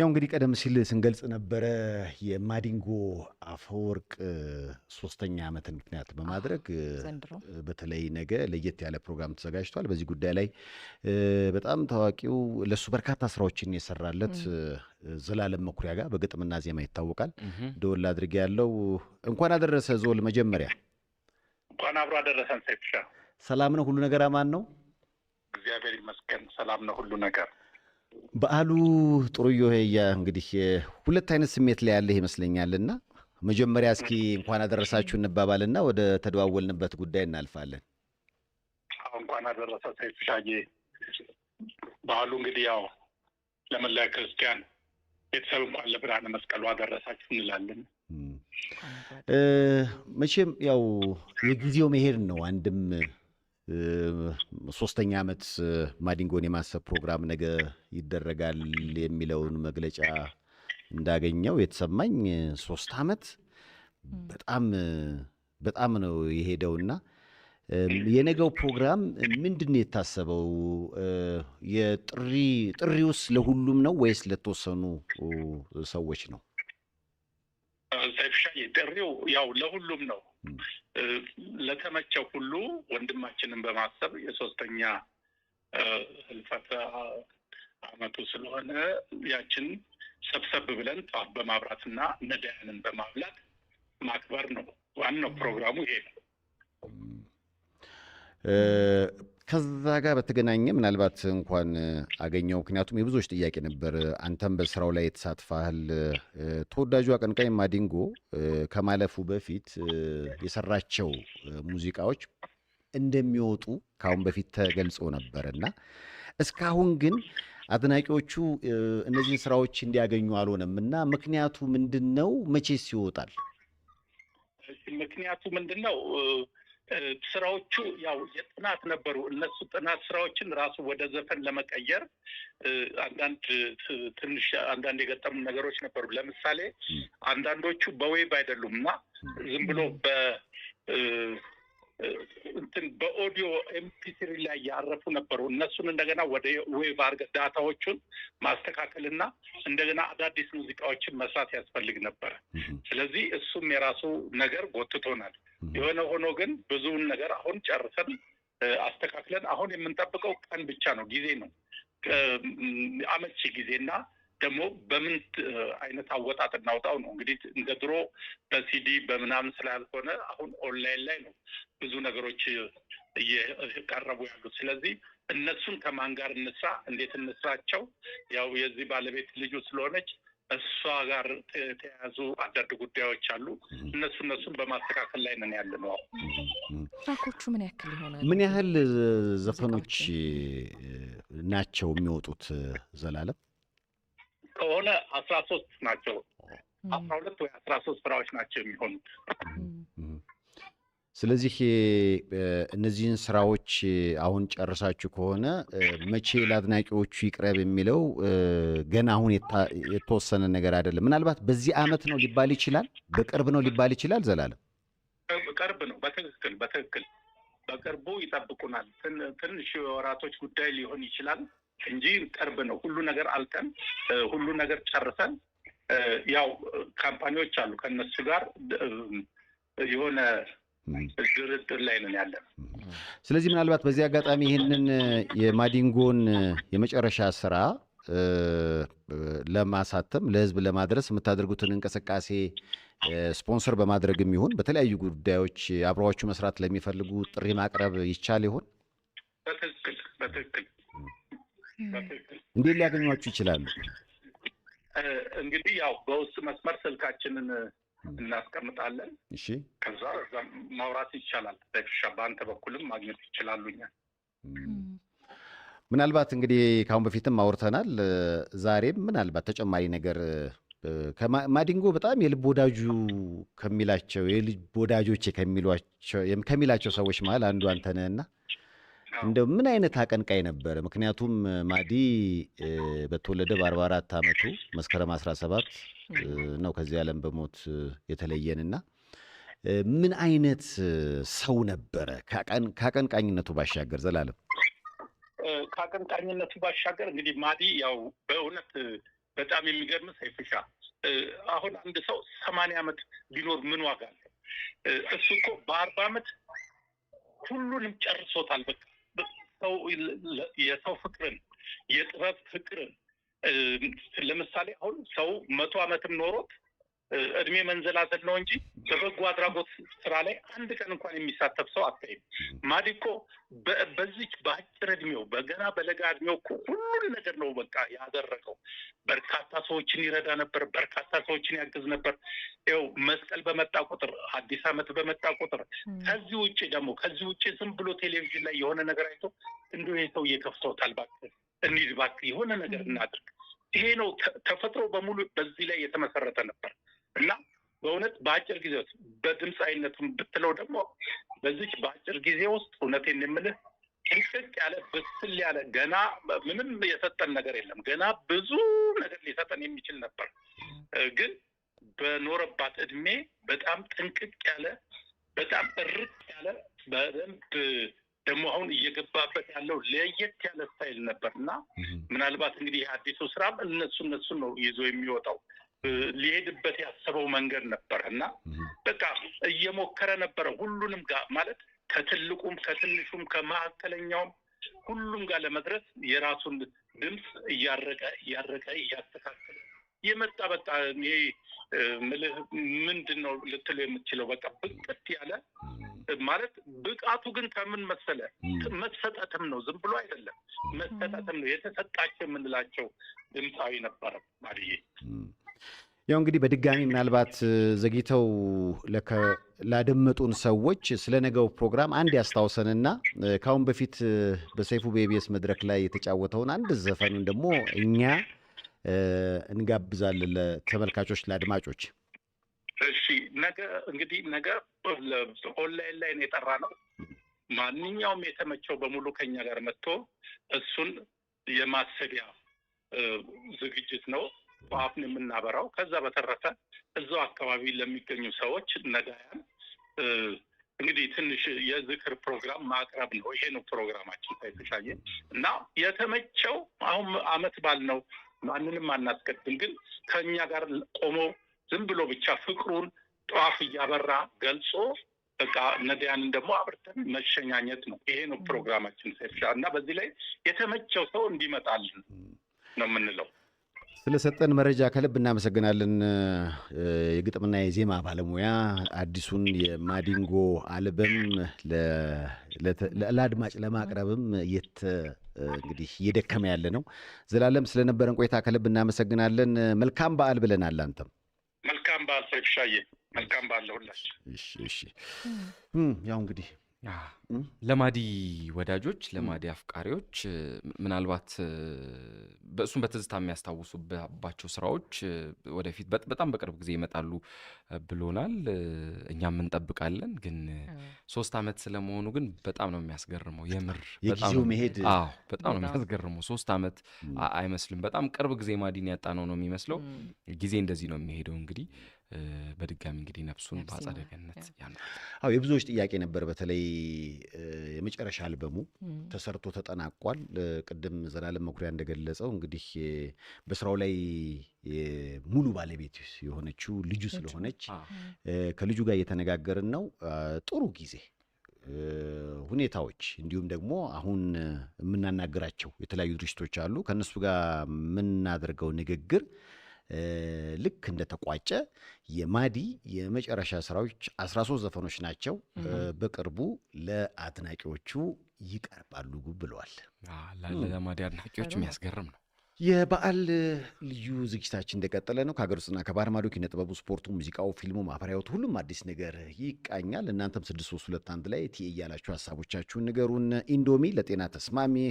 ያው እንግዲህ ቀደም ሲል ስንገልጽ ነበረ የማዲንጎ አፈወርቅ ሶስተኛ ዓመትን ምክንያት በማድረግ በተለይ ነገ ለየት ያለ ፕሮግራም ተዘጋጅቷል። በዚህ ጉዳይ ላይ በጣም ታዋቂው ለሱ በርካታ ስራዎችን የሰራለት ዘላለም መኩሪያ ጋር በግጥምና ዜማ ይታወቃል። ደወል አድርጌ ያለው እንኳን አደረሰ ዞል። መጀመሪያ እንኳን አብሮ አደረሰን። ሰላም ነው ሁሉ ነገር፣ አማን ነው። እግዚአብሔር ይመስገን። ሰላም ነው ሁሉ ነገር በዓሉ ጥሩዮ ያ እንግዲህ ሁለት አይነት ስሜት ላይ ያለህ ይመስለኛልና መጀመሪያ እስኪ እንኳን አደረሳችሁ እንባባልና ወደ ተደዋወልንበት ጉዳይ እናልፋለን። እንኳን አደረሰ ሰይፉ ሻጌ። በዓሉ እንግዲህ ያው ለመላ ክርስቲያን ቤተሰብ እንኳን ለብርሃነ መስቀሉ አደረሳችሁ እንላለን። መቼም ያው የጊዜው መሄድ ነው አንድም ሶስተኛ ዓመት ማዲንጎን የማሰብ ፕሮግራም ነገ ይደረጋል የሚለውን መግለጫ እንዳገኘው የተሰማኝ ሶስት ዓመት በጣም በጣም ነው የሄደውና የነገው ፕሮግራም ምንድን ነው የታሰበው? የጥሪ ጥሪውስ ለሁሉም ነው ወይስ ለተወሰኑ ሰዎች ነው? ኤፍሻዬ ጥሪው ያው ለሁሉም ነው። ለተመቸው ሁሉ ወንድማችንን በማሰብ የሶስተኛ ህልፈተ አመቱ ስለሆነ ያችን ሰብሰብ ብለን ጧፍ በማብራትና ነዳያንን በማብላት ማክበር ነው ዋናው ፕሮግራሙ ይሄ ነው። ከዛ ጋር በተገናኘ ምናልባት እንኳን አገኘው ምክንያቱም የብዙዎች ጥያቄ ነበር። አንተም በስራው ላይ የተሳትፈሃል። ተወዳጁ አቀንቃኝ ማዲንጎ ከማለፉ በፊት የሰራቸው ሙዚቃዎች እንደሚወጡ ከአሁን በፊት ተገልጾ ነበር እና እስካሁን ግን አድናቂዎቹ እነዚህን ስራዎች እንዲያገኙ አልሆነም እና ምክንያቱ ምንድን ነው? መቼስ ይወጣል? ምክንያቱ ምንድን ነው? ስራዎቹ ያው የጥናት ነበሩ። እነሱ ጥናት ስራዎችን ራሱ ወደ ዘፈን ለመቀየር አንዳንድ ትንሽ አንዳንድ የገጠሙ ነገሮች ነበሩ። ለምሳሌ አንዳንዶቹ በዌብ አይደሉም እና ዝም ብሎ በ እንትን በኦዲዮ ኤምፒትሪ ላይ ያረፉ ነበሩ። እነሱን እንደገና ወደ ዌብ አርገ ዳታዎቹን ማስተካከልና እንደገና አዳዲስ ሙዚቃዎችን መስራት ያስፈልግ ነበረ። ስለዚህ እሱም የራሱ ነገር ጎትቶናል። የሆነ ሆኖ ግን ብዙውን ነገር አሁን ጨርሰን አስተካክለን አሁን የምንጠብቀው ቀን ብቻ ነው፣ ጊዜ ነው፣ አመቺ ጊዜና ደግሞ በምን አይነት አወጣጥ እናውጣው ነው። እንግዲህ እንደ ድሮ በሲዲ በምናምን ስላልሆነ አሁን ኦንላይን ላይ ነው ብዙ ነገሮች እየቀረቡ ያሉት። ስለዚህ እነሱን ከማን ጋር እንስራ፣ እንዴት እንስራቸው? ያው የዚህ ባለቤት ልጁ ስለሆነች እሷ ጋር የተያያዙ አንዳንድ ጉዳዮች አሉ። እነሱ እነሱን በማስተካከል ላይ ነን ያለ ነው። ትራኮቹ ምን ያክል ይሆናል? ምን ያህል ዘፈኖች ናቸው የሚወጡት? ዘላለም ከሆነ አስራ ሶስት ናቸው። አስራ ሁለት ወይ አስራ ሶስት ስራዎች ናቸው የሚሆኑት ስለዚህ እነዚህን ስራዎች አሁን ጨርሳችሁ ከሆነ መቼ ለአድናቂዎቹ ይቅረብ የሚለው ገና አሁን የተወሰነ ነገር አይደለም። ምናልባት በዚህ አመት ነው ሊባል ይችላል፣ በቅርብ ነው ሊባል ይችላል። ዘላለም ቅርብ ነው። በትክክል በትክክል በቅርቡ ይጠብቁናል። ትንሽ የወራቶች ጉዳይ ሊሆን ይችላል እንጂ ቅርብ ነው። ሁሉ ነገር አልቀን ሁሉ ነገር ጨርሰን ያው ካምፓኒዎች አሉ ከነሱ ጋር የሆነ ድርድር ላይ ነን ያለ። ስለዚህ ምናልባት በዚህ አጋጣሚ ይህንን የማዲንጎን የመጨረሻ ስራ ለማሳተም ለህዝብ ለማድረስ የምታደርጉትን እንቅስቃሴ ስፖንሰር በማድረግም ይሁን በተለያዩ ጉዳዮች አብረዋችሁ መስራት ለሚፈልጉ ጥሪ ማቅረብ ይቻል ይሆን? በትክክል በትክክል እንዴት ሊያገኟችሁ ይችላሉ? እንግዲህ ያው በውስጥ መስመር ስልካችንን እናስቀምጣለን። እሺ፣ ከዛ እዛ ማውራት ይቻላል። ሻ በአንተ በኩልም ማግኘት ይችላሉኛል። ምናልባት እንግዲህ ከአሁን በፊትም አውርተናል። ዛሬም ምናልባት ተጨማሪ ነገር ማዲንጎ በጣም የልብ ወዳጁ ከሚላቸው የልብ ወዳጆቼ ከሚሏቸው ከሚላቸው ሰዎች መሀል አንዱ አንተ ነህና እንደው ምን አይነት አቀንቃይ ነበረ? ምክንያቱም ማዲ በተወለደ በ44 ዓመቱ መስከረም 17 ነው ከዚህ ዓለም በሞት የተለየንና ምን አይነት ሰው ነበረ ከአቀንቃኝነቱ ባሻገር? ዘላለም ከአቀንቃኝነቱ ባሻገር እንግዲህ ማዲ ያው በእውነት በጣም የሚገርም ሰይፍሻ፣ አሁን አንድ ሰው ሰማንያ ዓመት ቢኖር ምን ዋጋ ነው። እሱ እኮ በአርባ ዓመት ሁሉንም ጨርሶታል። በቃ የሰው ፍቅርን የጥበብ ፍቅርን ለምሳሌ አሁን ሰው መቶ ዓመትም ኖሮት እድሜ መንዘላዘል ነው እንጂ በበጎ አድራጎት ስራ ላይ አንድ ቀን እንኳን የሚሳተፍ ሰው አታይም። ማዲኮ በዚች በአጭር እድሜው በገና በለጋ እድሜው ሁሉን ነገር ነው በቃ ያደረገው። በርካታ ሰዎችን ይረዳ ነበር፣ በርካታ ሰዎችን ያግዝ ነበር። ው መስቀል በመጣ ቁጥር፣ አዲስ ዓመት በመጣ ቁጥር ከዚህ ውጭ ደግሞ ከዚህ ውጭ ዝም ብሎ ቴሌቪዥን ላይ የሆነ ነገር አይቶ እንዲሁ ሰው እየከፍተውታል፣ እባክህ እንሂድ፣ እባክህ የሆነ ነገር እናድርግ። ይሄ ነው ተፈጥሮ በሙሉ በዚህ ላይ የተመሰረተ ነበር እና በእውነት በአጭር ጊዜ ውስጥ በድምፃዊነቱም ብትለው ደግሞ በዚች በአጭር ጊዜ ውስጥ እውነቴን የምልህ ጥንቅቅ ያለ ብስል ያለ ገና ምንም የሰጠን ነገር የለም። ገና ብዙ ነገር ሊሰጠን የሚችል ነበር። ግን በኖረባት እድሜ በጣም ጥንቅቅ ያለ በጣም እርቅ ያለ በደንብ ደግሞ አሁን እየገባበት ያለው ለየት ያለ ስታይል ነበር እና ምናልባት እንግዲህ አዲሱ ስራም እነሱ እነሱን ነው ይዞ የሚወጣው ሊሄድበት ያሰበው መንገድ ነበረ እና በቃ እየሞከረ ነበረ ሁሉንም ጋር ማለት ከትልቁም ከትንሹም ከመካከለኛውም ሁሉም ጋር ለመድረስ የራሱን ድምፅ እያረቀ እያረቀ እያስተካከለ የመጣ በቃ እኔ ምልህ ምንድን ነው ልትሉ የምትችለው በቃ ብቅት ያለ ማለት ብቃቱ ግን ከምን መሰለ መሰጠትም ነው፣ ዝም ብሎ አይደለም መሰጠትም ነው። የተሰጣቸው የምንላቸው ድምፃዊ ነበረ ማድዬ ያው እንግዲህ በድጋሚ ምናልባት ዘግይተው ላደመጡን ሰዎች ስለ ነገው ፕሮግራም አንድ ያስታውሰንና ከአሁን በፊት በሰይፉ በኢቢኤስ መድረክ ላይ የተጫወተውን አንድ ዘፈኑን ደግሞ እኛ እንጋብዛለን ለተመልካቾች፣ ለአድማጮች። እሺ፣ ነገ እንግዲህ ነገ ኦንላይን ላይ ነው የጠራ ነው። ማንኛውም የተመቸው በሙሉ ከኛ ጋር መጥቶ እሱን የማሰቢያ ዝግጅት ነው። በአፍን የምናበራው። ከዛ በተረፈ እዛው አካባቢ ለሚገኙ ሰዎች ነዳያን እንግዲህ ትንሽ የዝክር ፕሮግራም ማቅረብ ነው። ይሄ ነው ፕሮግራማችን። ታይተሻየ እና የተመቸው አሁን አመት ባል ነው። ማንንም አናስቀድም፣ ግን ከእኛ ጋር ቆሞ ዝም ብሎ ብቻ ፍቅሩን ጠዋፍ እያበራ ገልጾ በቃ ነዳያንን ደግሞ አብርተን መሸኛኘት ነው። ይሄ ነው ፕሮግራማችን። ታይተሻ እና በዚህ ላይ የተመቸው ሰው እንዲመጣልን ነው የምንለው። ስለሰጠን መረጃ ከልብ እናመሰግናለን። የግጥምና የዜማ ባለሙያ አዲሱን የማዲንጎ አልበም ለአድማጭ ለማቅረብም እንግዲህ እየደከመ ያለ ነው። ዘላለም ስለነበረን ቆይታ ከልብ እናመሰግናለን። መልካም በዓል ብለናል። አንተም መልካም በዓል ሻዬ፣ መልካም በዓል ለሁላችን። ያው እንግዲህ ለማዲ ወዳጆች፣ ለማዲ አፍቃሪዎች ምናልባት በእሱም በትዝታ የሚያስታውሱባቸው ስራዎች ወደፊት በጣም በቅርብ ጊዜ ይመጣሉ ብሎናል። እኛም እንጠብቃለን። ግን ሶስት ዓመት ስለመሆኑ ግን በጣም ነው የሚያስገርመው። የምር የጊዜው መሄድ በጣም ነው የሚያስገርመው። ሶስት ዓመት አይመስልም። በጣም ቅርብ ጊዜ ማዲን ያጣነው ነው የሚመስለው። ጊዜ እንደዚህ ነው የሚሄደው እንግዲህ በድጋሚ እንግዲህ ነፍሱን በአጸደ ገነት የብዙዎች ጥያቄ ነበር። በተለይ የመጨረሻ አልበሙ ተሰርቶ ተጠናቋል። ቅድም ዘላለም መኩሪያ እንደገለጸው እንግዲህ በስራው ላይ ሙሉ ባለቤት የሆነችው ልጁ ስለሆነች ከልጁ ጋር እየተነጋገርን ነው። ጥሩ ጊዜ ሁኔታዎች እንዲሁም ደግሞ አሁን የምናናግራቸው የተለያዩ ድርጅቶች አሉ። ከእነሱ ጋር የምናደርገው ንግግር ልክ እንደተቋጨ የማዲ የመጨረሻ ስራዎች 13 ዘፈኖች ናቸው። በቅርቡ ለአድናቂዎቹ ይቀርባሉ ብለዋል። ለማዲ አድናቂዎች የሚያስገርም ነው። የበዓል ልዩ ዝግጅታችን እንደቀጠለ ነው። ከሀገር ውስጥና ከባህር ማዶ ኪነ ጥበቡ፣ ስፖርቱ፣ ሙዚቃው፣ ፊልሙ፣ ማህበራዊቱ ሁሉም አዲስ ነገር ይቃኛል። እናንተም አንድ ላይ ቲ እያላችሁ ሀሳቦቻችሁን ንገሩን። ኢንዶሚ ለጤና ተስማሚ